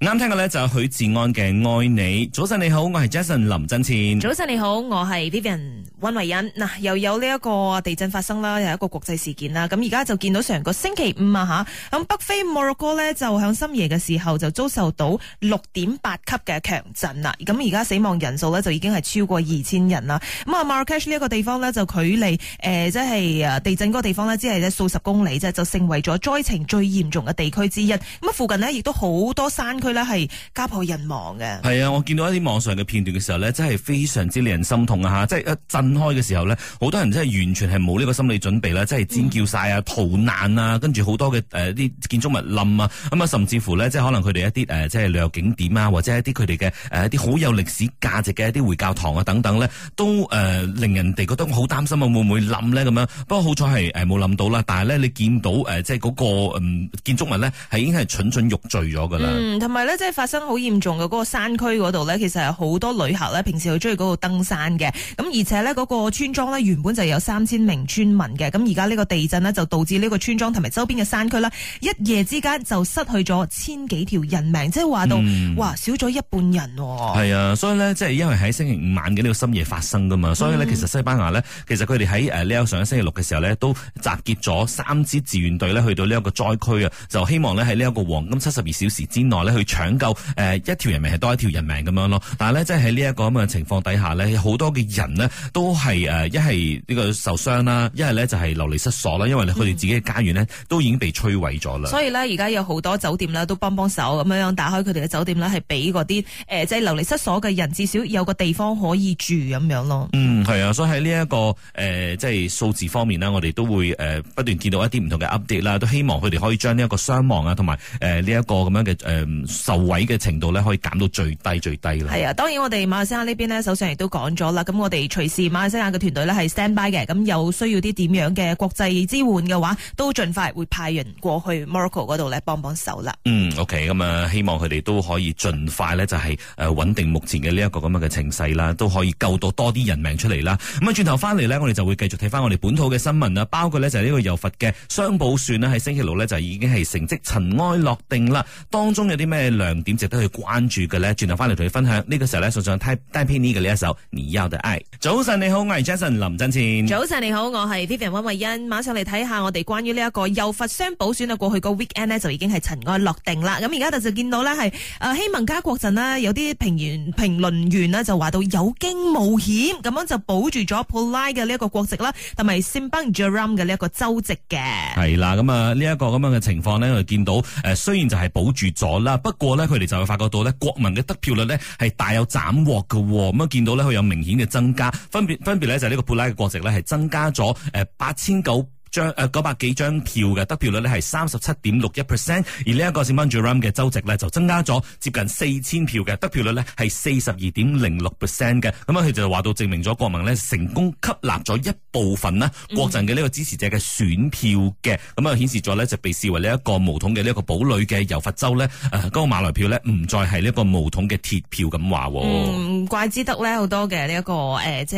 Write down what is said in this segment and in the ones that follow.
啱聽嘅呢就係許志安嘅愛你，早晨你好，我係 Jason 林振倩。早晨你好，我係 Vivian 溫慧欣。嗱，又有呢一個地震發生啦，又係一個國際事件啦。咁而家就見到成個星期五啊吓，咁北非摩洛哥呢，就響深夜嘅時候就遭受到六點八級嘅強震啦。咁而家死亡人數呢，就已經係超過二千人啦。咁啊 Marrakesh 呢一個地方呢，就距離誒即係誒地震嗰個地方呢，只係數十公里啫，就成為咗災情最嚴重嘅地區之一。咁啊，附近呢，亦都好多山區。佢咧係家破人亡嘅。係啊，我見到一啲網上嘅片段嘅時候咧，真係非常之令人心痛啊！吓，即係一震開嘅時候咧，好多人真係完全係冇呢個心理準備啦，即係尖叫晒啊、逃難啊，跟住好多嘅誒啲建築物冧啊，咁、嗯、啊，甚至乎咧，即係可能佢哋一啲誒、呃、即係旅遊景點啊，或者一啲佢哋嘅誒一啲好有歷史價值嘅一啲回教堂啊等等咧，都誒、呃、令人哋覺得好擔心啊，會唔會冧咧咁樣？不過好彩係誒冇冧到啦，但係咧你見到誒、呃、即係嗰、那個嗯、呃、建築物咧，係已經係蠢蠢欲墜咗噶啦。嗯係咧，即係發生好嚴重嘅嗰個山區嗰度呢，其實有好多旅客呢，平時好中意嗰度登山嘅。咁而且呢，嗰個村莊呢，原本就有三千名村民嘅。咁而家呢個地震呢，就導致呢個村莊同埋周邊嘅山區呢，一夜之間就失去咗千幾條人命，即係話到，嗯、哇，少咗一半人。係啊，所以呢，即係因為喺星期五晚嘅呢個深夜發生噶嘛，所以呢，其實西班牙呢，其實佢哋喺誒，呢個上個星期六嘅時候呢，都集結咗三支志願隊呢，去到呢一個災區啊，就希望呢，喺呢一個黃金七十二小時之內呢。去。搶救誒、呃、一條人命係多一條人命咁樣咯，但係咧即係喺呢一個咁嘅情況底下咧，好多嘅人呢都係誒一係呢個受傷啦，一係咧就係流離失所啦，因為佢哋自己嘅家園呢、嗯、都已經被摧毀咗啦。所以咧，而家有好多酒店呢都幫幫手咁樣樣打開佢哋嘅酒店咧，係俾嗰啲誒即係流離失所嘅人，至少有個地方可以住咁樣咯。嗯，係啊，所以喺呢一個誒、呃、即係數字方面呢，我哋都會誒、呃、不斷見到一啲唔同嘅 update 啦，都希望佢哋可以將呢一個傷亡啊同埋誒呢一個咁樣嘅誒。呃受毀嘅程度咧，可以減到最低最低啦。係啊，當然我哋馬來西亞呢邊呢，首相亦都講咗啦。咁我哋隨時馬來西亞嘅團隊呢，係 stand by 嘅。咁有需要啲點樣嘅國際支援嘅話，都盡快會派人過去 Morocco 嗰度呢幫幫手啦。嗯，OK，咁、嗯、啊，希望佢哋都可以盡快呢，就係誒穩定目前嘅呢一個咁樣嘅情勢啦，都可以救到多啲人命出嚟啦。咁啊，轉頭翻嚟呢，我哋就會繼續睇翻我哋本土嘅新聞啦，包括呢就係呢個柔佛嘅雙補選啦，喺星期六呢，就已經係成績塵埃落定啦。當中有啲咩？亮點值得去關注嘅咧，轉頭翻嚟同你分享。呢個時候咧，送上泰泰皮尼嘅呢一首《You and I》。早晨你好，我係 Jason 林振前。早晨你好，我係 Vivian 溫慧欣。馬上嚟睇下我哋關於呢一個柔佛雙補選啊，過去個 weekend 咧就已經係塵埃落定啦。咁而家就就見到咧係，誒，希盟加國陣咧有啲評員、評論員咧就話到有驚無險，咁樣就保住咗 Pulai 嘅呢一個國席啦，同埋 Simpang Jeram 嘅呢一個州席嘅。係啦，咁啊呢一個咁樣嘅情況咧，我見到誒，雖然就係保住咗啦，不過咧，佢哋就會發覺到咧，國民嘅得票率咧係大有斬獲嘅、哦，咁樣見到咧佢有明顯嘅增加，分別分別咧就係呢個布拉嘅國籍咧係增加咗誒八千九。呃 8, 將誒，九百幾張票嘅得票率咧係三十七點六一 percent，而呢一個是 b e n j m 嘅州席呢，就增加咗接近四千票嘅得票率呢係四十二點零六 percent 嘅。咁啊佢就話到證明咗國民呢成功吸納咗一部分啦國陣嘅呢個支持者嘅選票嘅，咁啊顯示咗呢就被視為呢一個無統嘅呢一個堡壘嘅柔佛州呢。誒、那、嗰個馬來票呢，唔再係呢一個無統嘅鐵票咁話，唔、嗯、怪之得呢好多嘅呢一個誒、呃、即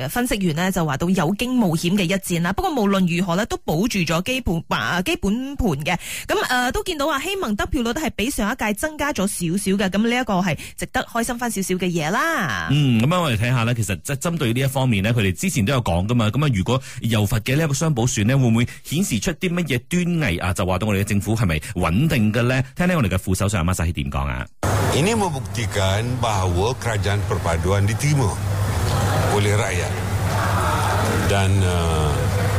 係分析員呢就話到有驚無險嘅一戰啦，不過無論如何呢都保住咗基，基本盤基本盤嘅，咁誒，都見到啊，希盟得票率都係比上一屆增加咗少少嘅，咁呢一個係值得開心翻少少嘅嘢啦。嗯，咁、嗯嗯、我哋睇下呢，其實即係針對呢一方面咧，佢哋之前都有講噶嘛。咁、嗯、啊，如果柔佛嘅呢一個雙保選咧，會唔會顯示出啲乜嘢端倪啊？就話到我哋嘅政府係咪穩定嘅呢？聽聽我哋嘅副首相阿薩希點講啊 i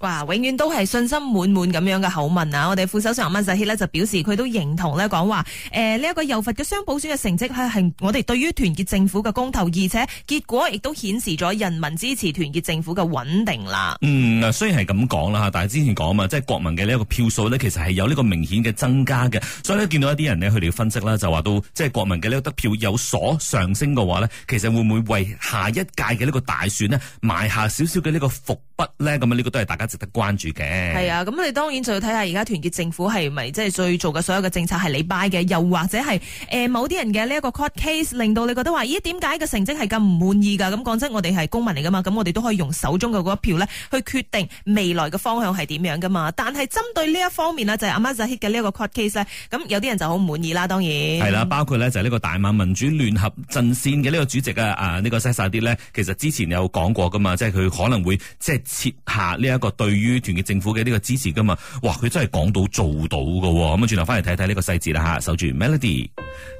哇，永遠都係信心滿滿咁樣嘅口吻啊！我哋副首相温塞希呢，就表示佢都認同咧講話，誒呢一個柔佛嘅雙補選嘅成績係係我哋對於團結政府嘅公投，而且結果亦都顯示咗人民支持團結政府嘅穩定啦。嗯，嗱雖然係咁講啦，但係之前講啊嘛，即係國民嘅呢一個票數呢，其實係有呢個明顯嘅增加嘅，所以呢，見到一啲人呢，佢哋分析啦就話到，即係國民嘅呢個得票有所上升嘅話呢，其實會唔會為下一屆嘅呢個大選呢埋下少少嘅呢個伏筆呢？咁呢個都係大家。值得關注嘅，係啊，咁你當然就要睇下而家團結政府係咪即係最做嘅所有嘅政策係你拜嘅，又或者係誒、呃、某啲人嘅呢一個 court case 令到你覺得話咦點解個成績係咁唔滿意噶？咁講真，我哋係公民嚟噶嘛，咁我哋都可以用手中嘅嗰一票咧去決定未來嘅方向係點樣噶嘛。但係針對呢一方面呢，就係阿 m u s a 嘅呢一個 court case 呢。咁有啲人就好滿意啦。當然係啦、啊，包括呢就係呢個大馬民主聯合陣線嘅呢個主席啊啊呢、這個 s a i d 其實之前有講過噶嘛，即係佢可能會即係設下呢、這、一個。對於團結政府嘅呢個支持噶嘛，哇！佢真係講到做到嘅、哦，咁啊轉頭翻嚟睇睇呢個細節啦嚇，守住 Melody。呢、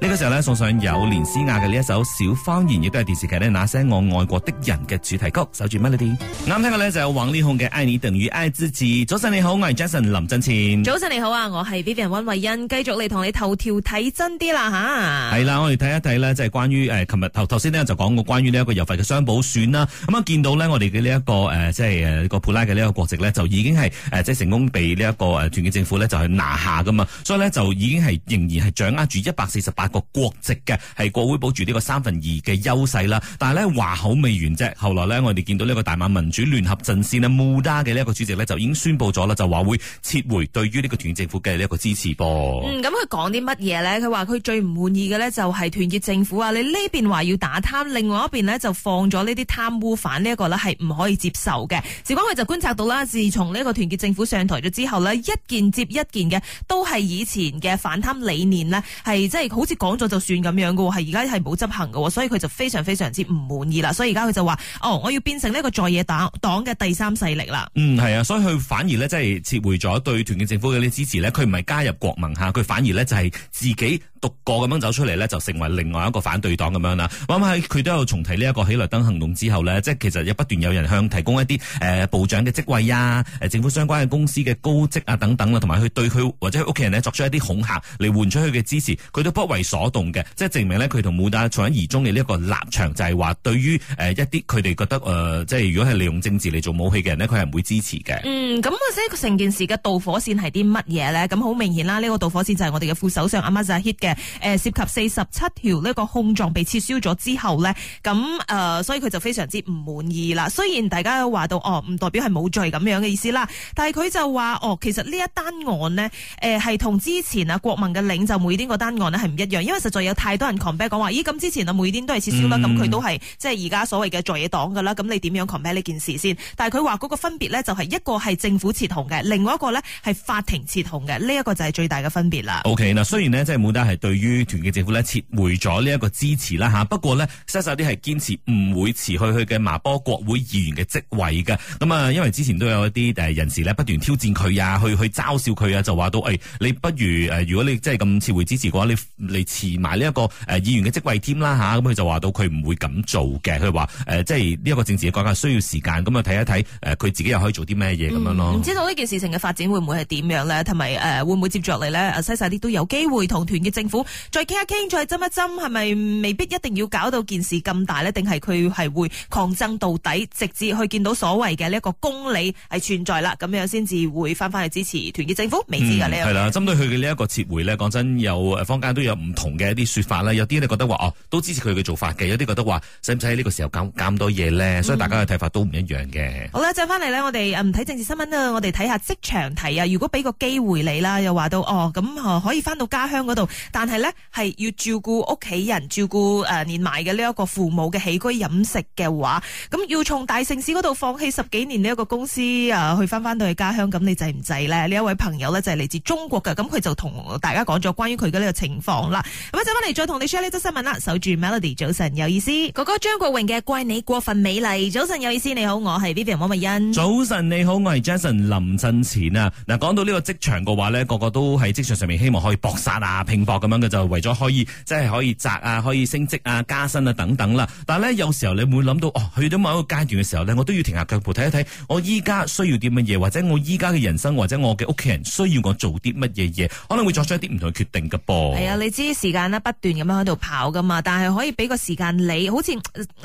這個時候咧送上有連詩雅嘅呢一首《小方言》，亦都係電視劇呢《那些我愛過的人》嘅主題曲，守住 Melody。啱、嗯、聽嘅咧就有王力宏嘅《愛你等於愛自己》。早晨你好，我係 Jason 林振前。早晨你好啊，我係 Vivian 溫慧恩，繼續嚟同你頭條睇真啲啦吓，係啦，我哋睇一睇呢，即係關於誒琴日頭頭先呢，就講過關於呢一個油費嘅雙補選啦。咁啊見到呢，我哋嘅呢一個誒、呃、即係誒、這個普拉嘅呢一個國就已經係誒即係成功被呢一個誒團結政府呢，就係拿下噶嘛，所以呢，就已經係仍然係掌握住一百四十八個國席嘅，係國會保住呢個三分二嘅優勢啦。但係呢，話口未完啫，後來呢，我哋見到呢個大馬民主聯合陣線呢 MUDA 嘅呢一個主席呢，就已經宣布咗啦，就話會撤回對於呢個團結政府嘅呢一個支持噃、嗯。咁佢講啲乜嘢呢？佢話佢最唔滿意嘅呢，就係團結政府啊！你呢邊話要打貪，另外一邊呢，就放咗呢啲貪污犯呢一、呢個呢，係唔可以接受嘅。至於佢就觀察到咧。自從呢個團結政府上台咗之後咧，一件接一件嘅都係以前嘅反貪理念呢，係即係好似講咗就算咁樣噶，係而家係冇執行噶，所以佢就非常非常之唔滿意啦。所以而家佢就話：哦，我要變成呢個在野黨黨嘅第三勢力啦。嗯，係啊，所以佢反而呢，即係撤回咗對團結政府嘅啲支持呢，佢唔係加入國盟吓，佢反而呢就係自己。獨個咁樣走出嚟呢，就成為另外一個反對黨咁樣啦。咁喺佢都有重提呢一個喜來登行動之後呢，即係其實有不斷有人向提供一啲誒、呃、部長嘅職位啊、誒政府相關嘅公司嘅高職啊等等啦，同埋去對佢或者佢屋企人咧作出一啲恐嚇嚟換取佢嘅支持，佢都不為所動嘅，即係證明呢，佢同穆旦從一而終嘅呢一個立場就係話，對於誒一啲佢哋覺得誒、呃、即係如果係利用政治嚟做武器嘅人呢，佢係唔會支持嘅、嗯。嗯，咁或者成件事嘅導火線係啲乜嘢呢？咁、嗯、好明顯啦，呢、這個導火線就係我哋嘅副首相 Ahmad Zahid 嘅。誒，涉及四十七條呢個控狀被撤銷咗之後呢，咁誒、呃，所以佢就非常之唔滿意啦。雖然大家話到哦，唔代表係冇罪咁樣嘅意思啦，但係佢就話哦，其實呢一單案呢，誒、呃，係同之前阿國民嘅領袖每甸個單案咧係唔一樣，因為實在有太多人 compare 講話，咦，咁之前啊，每甸、嗯、都係撤銷啦，咁佢都係即係而家所謂嘅在野黨噶啦，咁你點樣 compare 呢件事先？但係佢話嗰個分別呢，就係一個係政府撤控嘅，另外一個呢，係法庭撤控嘅，呢、這、一個就係最大嘅分別啦。O K，嗱，嗯、雖然呢，即係冇得係。對於團結政府咧撤回咗呢一個支持啦嚇，不過呢，西晒啲係堅持唔會辭去佢嘅麻波國會議員嘅職位嘅。咁啊，因為之前都有一啲誒人士呢，不斷挑戰佢啊，去去嘲笑佢啊，就話到誒、哎、你不如誒如果你即係咁撤回支持嘅話，你嚟辭埋呢一個誒議員嘅職位添啦嚇。咁佢就話到佢唔會咁做嘅，佢話誒即係呢一個政治嘅改革需要時間，咁啊，睇一睇誒佢自己又可以做啲咩嘢咁樣咯。唔知道呢件事情嘅發展會唔會係點樣咧？同埋誒會唔會接續嚟咧？西晒啲都有機會同團結政府再傾一傾，再針一針，係咪未必一定要搞到件事咁大呢？定係佢係會抗爭到底，直至去見到所謂嘅呢一個公理係存在啦，咁樣先至會翻翻去支持團結政府？未知㗎呢？係啦、嗯，針對佢嘅呢一個撤回呢，講真有坊間都有唔同嘅一啲説法啦。有啲人覺得話哦，都支持佢嘅做法嘅；有啲覺得話，使唔使喺呢個時候減減多嘢呢？所以大家嘅睇法都唔一樣嘅、嗯。好啦，再翻嚟呢，我哋唔睇政治新聞啦，我哋睇下職場題啊。如果俾個機會你啦，又話到哦，咁可以翻到家鄉嗰度。但係咧，係要照顧屋企人，照顧誒、呃、年邁嘅呢一個父母嘅起居飲食嘅話，咁要從大城市嗰度放棄十幾年呢一個公司誒，去翻翻到去家鄉，咁你制唔制咧？呢一位朋友咧就係、是、嚟自中國嘅，咁佢就同大家講咗關於佢嘅呢個情況啦。咁就，再翻嚟再同你 share 呢則新聞啦。守住 Melody，早晨有意思。哥哥張國榮嘅《怪你過分美麗》，早晨有意思。你好，我係 Vivian 王美欣。早晨你好，我係 Jason 林振前啊。嗱，講到呢個職場嘅話呢，個個都喺職場上面希望可以搏殺啊，拼搏咁。咁嘅就為咗可以，即係可以賺啊，可以升職啊、加薪啊等等啦。但係咧，有時候你會諗到，哦，去到某一個階段嘅時候呢，我都要停下腳步睇一睇，看看我依家需要啲乜嘢，或者我依家嘅人生，或者我嘅屋企人需要我做啲乜嘢嘢，可能會作出一啲唔同嘅決定噶噃。係啊，你知時間咧不斷咁樣喺度跑噶嘛，但係可以俾個時間你，好似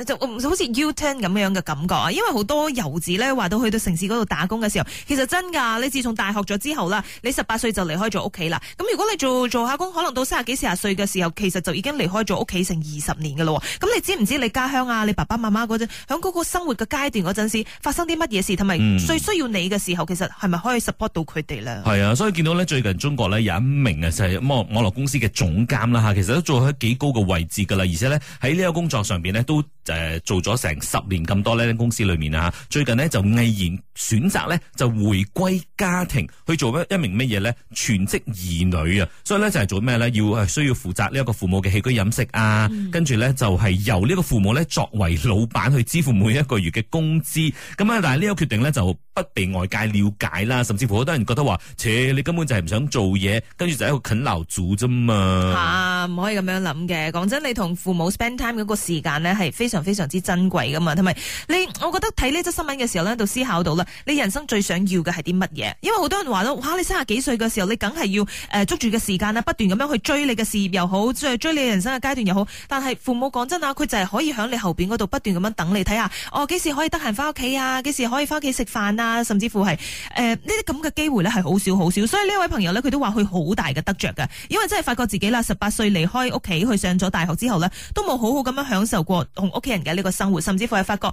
就好似 U turn 咁樣嘅感覺啊。因為好多遊子咧話到去到城市嗰度打工嘅時候，其實真噶，你自從大學咗之後啦，你十八歲就離開咗屋企啦。咁如果你做做下工，可能到。三十幾四十歲嘅時候，其實就已經離開咗屋企成二十年噶啦。咁你知唔知你家鄉啊，你爸爸媽媽嗰陣，響嗰個生活嘅階段嗰陣時，發生啲乜嘢事，同埋最需要你嘅時候，其實係咪可以 support 到佢哋咧？係、嗯、啊，所以見到呢，最近中國呢，有一名啊，就係網網絡公司嘅總監啦吓，其實都做咗幾高嘅位置噶啦，而且呢，喺呢個工作上邊呢，都誒做咗成十年咁多呢喺公司裏面啊，最近呢，就毅然選擇呢，就回歸家庭，去做一名乜嘢呢？全職兒女啊，所以呢，就係做咩呢？要係需要負責呢一個父母嘅起居飲食啊，跟住咧就係由呢一個父母咧作為老闆去支付每一個月嘅工資。咁啊，但係呢一個決定咧就不被外界了解啦，甚至乎好多人覺得話，切，你根本就係唔想做嘢，跟住就喺度啃老族啫嘛。嚇、啊，唔可以咁樣諗嘅。講真，你同父母 spend time 嗰個時間咧係非常非常之珍貴㗎嘛，同埋你，我覺得睇呢則新聞嘅時候咧，就思考到啦，你人生最想要嘅係啲乜嘢？因為好多人話，哇，你三十幾歲嘅時候，你梗係要誒捉住嘅時間呢，不斷咁樣去。追你嘅事業又好，追，追你人生嘅階段又好，但係父母講真啊，佢就係可以喺你後邊嗰度不斷咁樣等你睇下，哦幾時可以得閒翻屋企啊？幾時可以翻屋企食飯啊？甚至乎係誒呢啲咁嘅機會咧，係好少好少。所以呢位朋友咧，佢都話佢好大嘅得着㗎，因為真係發覺自己啦，十八歲離開屋企去上咗大學之後呢，都冇好好咁樣享受過同屋企人嘅呢個生活，甚至乎係發覺誒，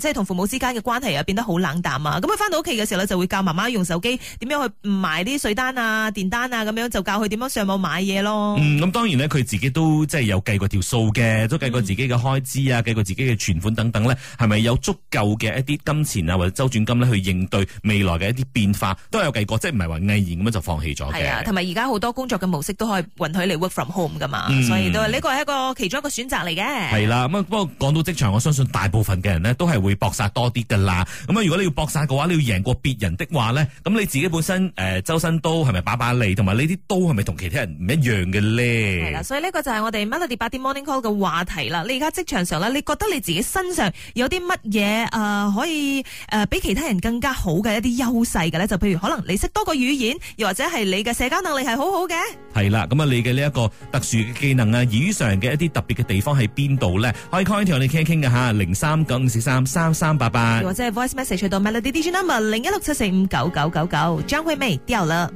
即係同父母之間嘅關係啊，變得好冷淡啊！咁佢翻到屋企嘅時候呢，就會教媽媽用手機點樣去買啲水單啊、電單啊咁樣，就教佢點樣上網買嘢。嗯，咁、嗯、當然呢佢自己都即係有計過條數嘅，都計過自己嘅開支啊，嗯、計過自己嘅存款等等呢係咪有足夠嘅一啲金錢啊或者周轉金呢去應對未來嘅一啲變化，都有計過，即係唔係話毅然咁樣就放棄咗。係啊，同埋而家好多工作嘅模式都可以允許你 work from home 噶嘛，嗯、所以都呢、呢個係一個其中一個選擇嚟嘅。係啦、啊，咁不過講到職場，我相信大部分嘅人呢都係會搏殺多啲噶啦。咁如果你要搏殺嘅話，你要贏過別人的話呢，咁你自己本身誒、呃、周身刀係咪把把利，同埋你啲刀係咪同其他人唔一樣？嘅咧，係啦，所以呢個就係我哋 Melody 8點 Morning Call 嘅話題啦。你而家職場上啦你覺得你自己身上有啲乜嘢誒可以誒、呃、比其他人更加好嘅一啲優勢嘅咧？就譬如可能你識多個語言，又或者係你嘅社交能力係好好嘅。係啦，咁啊，你嘅呢一個特殊嘅技能啊，以上嘅一啲特別嘅地方喺邊度咧？可以 call 我哋傾一傾嘅嚇，零三九五四三三三八八，或者係 Voice Message 到 Melody 的 Number 零一六七四五九九九九，張惠妹掉啦。